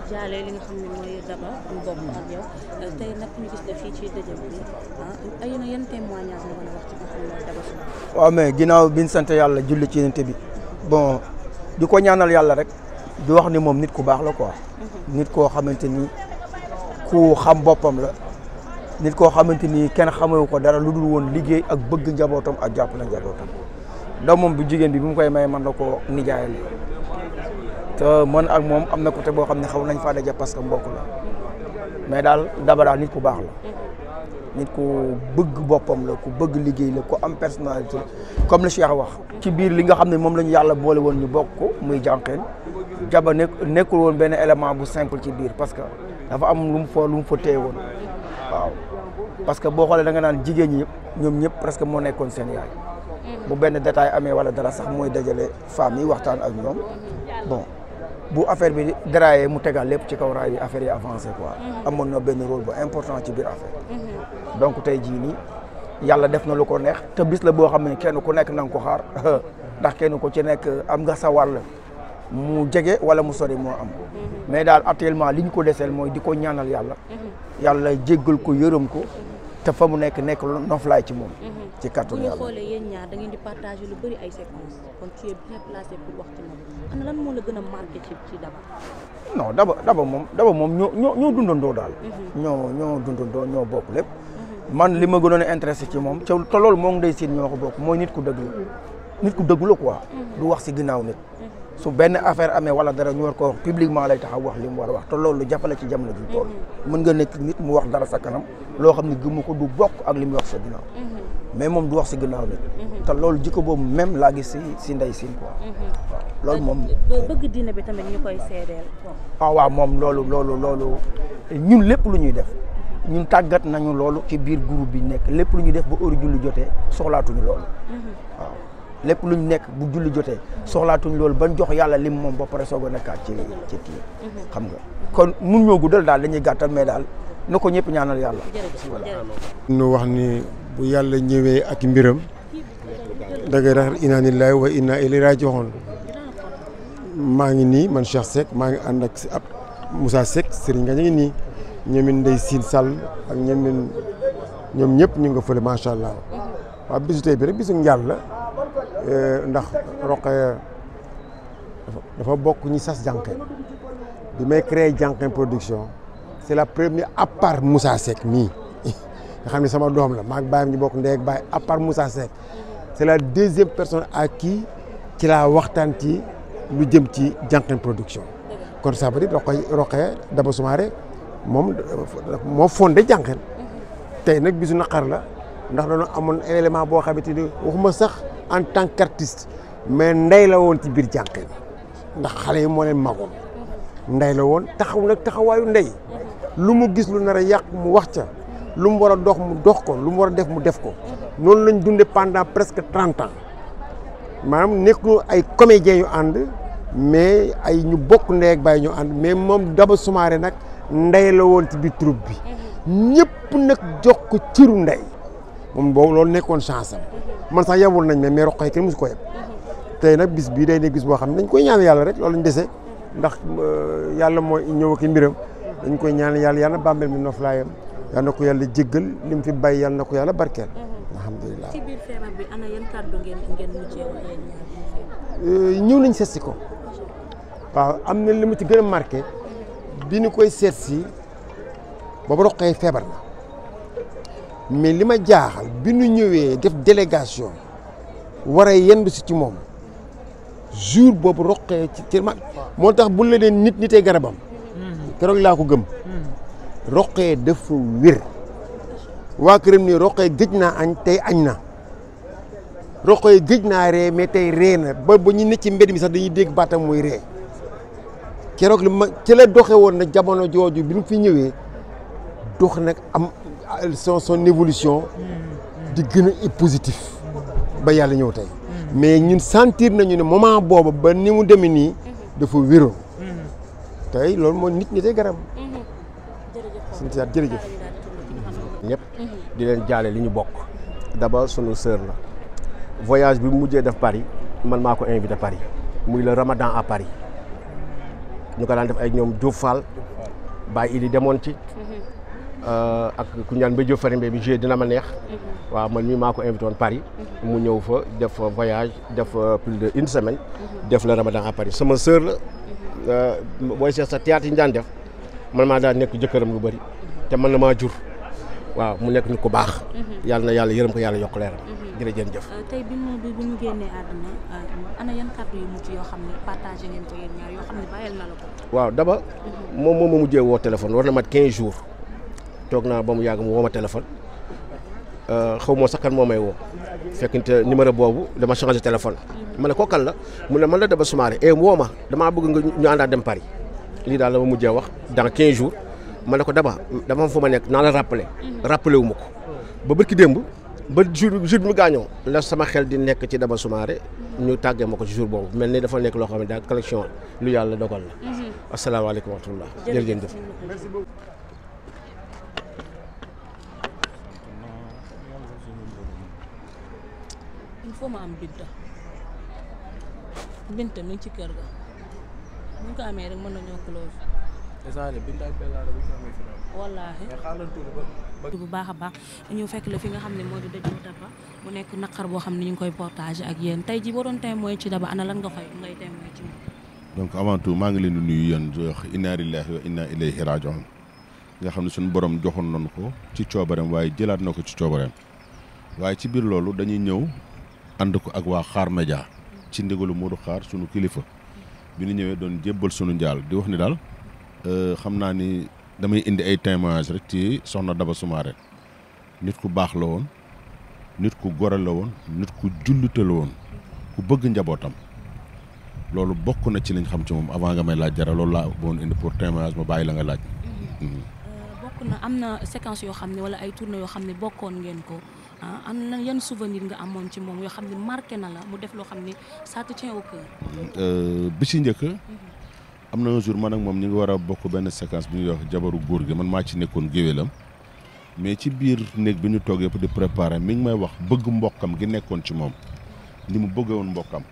Ah, waaw mais ginnaaw bi ñu sant yàlla julli ci yonent bi bon di ko ñaanal yàlla rek du wax ni moom nit ku baax la quoi. Mhm. nit koo xamante ni ku xam boppam la. nit koo xamante ni kenn xamewu ko dara lu dul woon liggéey ak bëgg njabootam ak jàpp na njabootam doomam bu jigéen bi bu mu koy may man la ko nijaayal te man ak moom am na côté boo xam ne xaw nañ faa daje parce que mbokk la mais daal daba daal nit ku baax la nit ku bëgg boppam la ku bëgg liggéey la ku am personnalité comme li Cheikh wax ci biir li nga xam ne moom la yàlla boole woon ñu bokk ko muy jànqeen jaba nekk nekkul woon benn élément bu simple ci biir parce que dafa am lu mu fa lu mu fa téye woon waaw parce que boo xoolee da nga naan jigéen ñi ñoom ñëpp presque moo nekkoon seen yaay mm-hmm. bu benn détail amee wala dara sax mooy dajale femmes yi waxtaan ak ñoom mm-hmm. bu affaire bi déraillé mu tegal lépp ci kaw raay bi affaire yi avancé quoi. Mhm. amoon na benn rôle bu important ci biir affaire. Mhm. donc tey jii nii yàlla def na lu ko neex te bis la boo xam ne kenn ku nekk na ko xaar ndax kenn ku ci nekk am nga sa wàll mu jege wala mu sori moo am. Mhm. mais daal actuellement li ñu ko deseel mooy di ko ñaanal yàlla. yàlla jéggal ko yërëm ko. te fa mu nekk nekk noflaay ci moom. Mhm. ci kàttanu yàlla bu ñu xoolee yéen da ngeen di partager lu bëri ay séquences kon tu es bien placé pour wax ci moom lan moo la gën a marqué ci ci Daba. non Daba moom Daba moom ñoo ñoo ñoo dundandoo daal. Mhm. ñoo ñoo dundandoo ñoo bokk lépp. Mhm. man li ma gënoon a intéressé ci moom te loolu moom day siin ñoo ko bokk mooy nit ku dëgg la nit ku dëgg la du wax si ginnaaw nit. su benn affaire amee wala dara ñu war ko wax publiquement lay taxaw wax li mu war a wax te loolu jafe ci jamono ji tool mm-hmm. mën nga nekk nit mu wax dara sa kanam loo xam ne gëmu ko du bokk ak li mu wax sa ginnaaw mm-hmm. mais moom du wax si ginnaaw mm-hmm. te loolu jikko boobu même laa gis si si ndey siin ko waaw loolu moom bëgg bi tamit ñu koy ah, moom loolu loolu loolu ñun lépp lu ñuy def ñun tàggat nañu loolu ci biir groupe bi nekk lépp lu ñuy def ba heure julli jotee soxlaatuñu loolu waaw lépp ñu nekk bu julli jotee soxlaatuñ loolu ban jox yàlla lim moom ba pare soog a nekkaat ci ci kii mhm. xam nga kon mun ñoo guddal daal dañuy gàttal mais daal na ko ñëpp ñaanal yàlla nu wax ni bu yàlla ñëwee ak mbiram da ngay rax inna lillahi wa inna ilayhi maa ngi nii man Cheikh Seck maa ngi ànd ak si ab Moussa Seck Serigne nga ñu ngi nii ñoomin Ndeye Sine Sall ak ñoomin ñoom ñëpp ñu nga fële macha allah mhm. waaw bisu tey bi rek bisu njàll la Eh, ndax Rokhaya dafa bokk ñi sas Diankhé bi may créer Diankhé production c'est la première à part Moussa Seck mii nga xam ne sama doom la maak baayam ñu bokk ndey ak baay à part Moussa Seck c'est la deuxième personne à qui ci laa waxtaan ci lu jëm ci Diankhé production kon ça veut Daba Soumaré moom moo fondé tey nag bisu naqar la ndax dañoo amoon élément boo xamante ni waxuma sax en tant qu'artiste mais ndey la woon ci biir jànq yi ndax xale yi moo leen magoon ndey la woon taxaw nag taxawaayu ndey lu mu gis lu nar a yàq mu wax ca lu mu war a dox mu dox ko lu mu war a def mu def ko noonu lañ dundee pendant presque trente ans maanaam nekkuñu ay comédiens yu ànd mais ay ñu bokk ndey ak baay ñu ànd mais moom Daba Soumaré nag ndey la woon ci biir troupe bi ñëpp nag jox ko ciru ndey. moom boobu loolu nekkoon chance am man sax yabul nañ mais mais roqo yi kenn mosu ko yab tey nag bis bii day nekk bis boo xam ne dañ koy ñaan yàlla rek loolu lañ dese ndax euh, yàlla mooy ñëw ak mbiram dañ koy ñaan yàlla yàlla bàmbel mi noflaayam yàlla na ko yàlla jéggal li mu fi bàyyi yàlla na ko yàlla barkeel mhm. alhamdulilah ci biir feebar bi ana yan kàddu ngeen ngeen mujjee euh, ñëw nañ seet si ko waaw am na li mu ci gën a marqué bi ñu koy seet si boobu roqee feebar na mais li ma jaaxal bi nu ñëwee def délégation war a yendu si ci moom jour boobu roqee ci ci ma moo tax bu la nee nit nitee garabam keroog laa ko gëm roqee dafa wér waa këram ni roqee gëj naa añ tey añ na roqee gëj naa ree mais tey ree na ba ba ñu ne ci mbedd mi sax dañuy dégg baatam muy ree keroog li ma ci la doxe woon na jamono jooju bi mu fi ñëwee dox nag am son son évolution di gën a positif ba yàlla ñëw tey mais ñun sentir nañu ne moment boobu ba ni mu demee nii dafa wéroon tey loolu moo nit ñi tey garam suñu siyaat jërëjëf ñëpp di leen jaale li ñu bokk d'abord sunu sœur la voyage bi mujjee def Paris man maa ko invité Paris muy la Ramadan à Paris ñu ko daan def ay ñoom Diouf Fall Baye Ili demoon ci Euh, ak ku ñaan ba Diop Farimbe bi joué dina ma neex. Mhm. waaw man mii maa ko invité Paris. Mhm. mu ñëw fa def voyage def plus de une semaine. Mhm. def la Ramadan à Paris sama sœur la. Euh, booy seet sa théâtre yi ñu daan def man maa daan nekk jëkkëram lu bari te man na maa jur. waaw mu nekk nit ko baax. yàlla na yàlla yërëm ko yàlla yokk leeram. jërëjëf euh, tey bi mu bi génnee àdduna ana yan kàddu yu mujj yoo xam ne partagé ngeen ko yéen yoo xam ne bàyyil na la ko. waaw daba. moom ma téléphone war mat 15 jours. toog naa ba mu yàgg mu woo ma téléphone euh, xaw moo sax kan moo may woo fekkente numéro boobu dama changé téléphone. ma ne ko kan la mu na man la Daba Soumaré e woo ma damaa bëgg nga ñu àndaat dem Paris lii daal la ma mujjee wax dans 15 jours ma ne ko Daba dama am fu ma nekk naa la rappelé rappelé wu ma ko ba bërki démb ba jour jour bi mu gaañoo la sama xel di nekk ci Daba Soumaré ñu tàggee ma ko ci jour boobu mel ni dafa nekk loo xam ne daal collection lu yàlla dogal la mhm. asalaamaaleykum wa foo ma am binta binta ci kër ga buñ ko amee bu baax a baax ñu fekk la fi nga xam ne moo di mu nekk naqar boo xam ne ñu koy portage ak yéen tey ji boo doon témoin ci daba ana lan nga koy ngay témoin maa ngi leen di nuyu yéen di wax inna xam ne suñu borom joxoon nañu ko ci coobareem waaye jëlaat na ko ci coobareem waaye ci biir loolu dañuy ñëw. ànd ko ak waa xaar média ci ndigalu Modou xaar sunu kilifa bi ñu ñëwee doon jébbal sunu njaal di wax ni daal euh, xam naa ni damay indi ay témoignage rek ci soxna Daba Soumaré nit ku baax la woon nit ku gore la woon nit ku jullite la woon ku bëgg njabootam loolu bokk na ci liñ xam ci moom avant nga may laaj dara loolu laa boon indi pour témoignage ma bàyyi la nga laaj. Mm-hmm. Mm-hmm. bokk am na séquence yoo xam ne wala ay tournée yoo xam ne bokkoon ngeen ko ah, am na yan souvenir nga amoon ci moom yoo xam ne marqué na la mu def loo xam ne ça te tient au cœur. si euh, njëkk. Mhm. am na un jour man ak moom ñu ngi war a bokk benn séquence bu ñuy wax jabaru góor gi man maa ci nekkoon géwélam mais ci biir néeg bi ñu toog yëpp di préparer mi ngi may wax bëgg mbokkam gi nekkoon ci moom ni mu bëggee bëggoon mbokkam.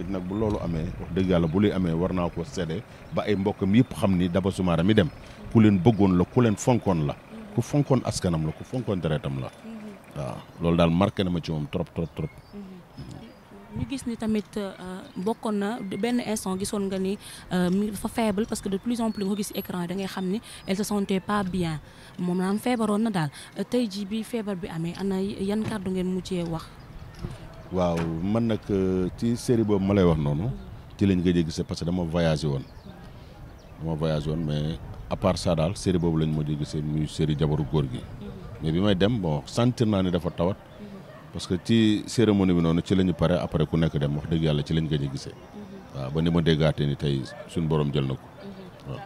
nit nag bu loolu amee wax dëgg yàlla bu luy amee war naa ko seede ba ay mbokkam yëpp xam ni Daba Soumaré mi dem ku leen bëggoon la ku leen fonkoon la ku fonkoon askanam la ku fonkoon deretam la waaw loolu daal marqué na ma ci moom trop trop trop ñu gis ni tamit euh, bokkoon na benn instant gisoon nga ni euh, dafa faible parce que de plus en plus nga ko gis écran da ngay xam ni elle se pas bien moom naam feebaroon na daal euh, tey jii bi feebar bi amee ana yan kàddu ngeen mujjee wax waaw man nag euh, ci série boobu ma lay wax noonu ci lañ gëj a gisee parce que dama voyagé woon dama voyage woon mais à part ça boobu lañ ma di seen muy série jabaru góor gi mais bi may dem boo sentir naa ne dafa tawat parce que ci cérémonie bi noonu ci la ñu pare après ku nekk dem wax dëgg yàlla ci lañ gëj a gisee waaw ba ni ma déggaatee ni tey suñu borom jël na ko waaw.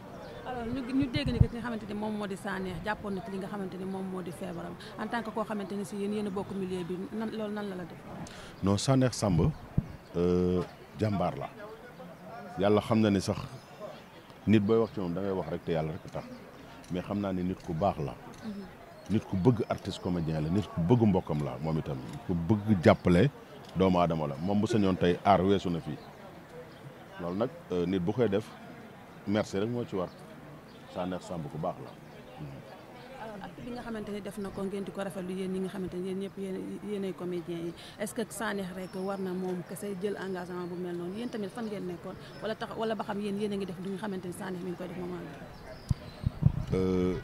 ñu dégg ni ki nga xamante ni moom moo di Sanekh jàppoon na ci li nga xamante ni moom moo di feebaram en tant que koo xamante ni si yéen a bokk milieu Samb euh, jàmbaar la yàlla xam na ni sax nit booy wax ci moom da wax rek te yàlla rek tax mais xam naa ni nit ku baax la. Mm-hmm. nit ku bëgg artiste comédien la nit ku bëgg mbokkam la moom itam ku bëgg jàppale doomu aadama la moom bu sañoon tey aar weesu na fii loolu nag euh, nit bu koy def merci rek moo ci war. Sanex Samb ku baax la. alors ak li nga xamante ni def na ko ngeen di ko rafet rafetlu yéen ñi nga xamante ni yéen ñëpp yéenay comédiens yi est-ce que Sanex rek war na moom kese jël engagement bu mel noonu yéen tamit fan ngeen nekkoon wala tax wala ba xam yéen yéen a ngi def li nga xamante ni Sanex mi ngi koy def moment bi. Euh,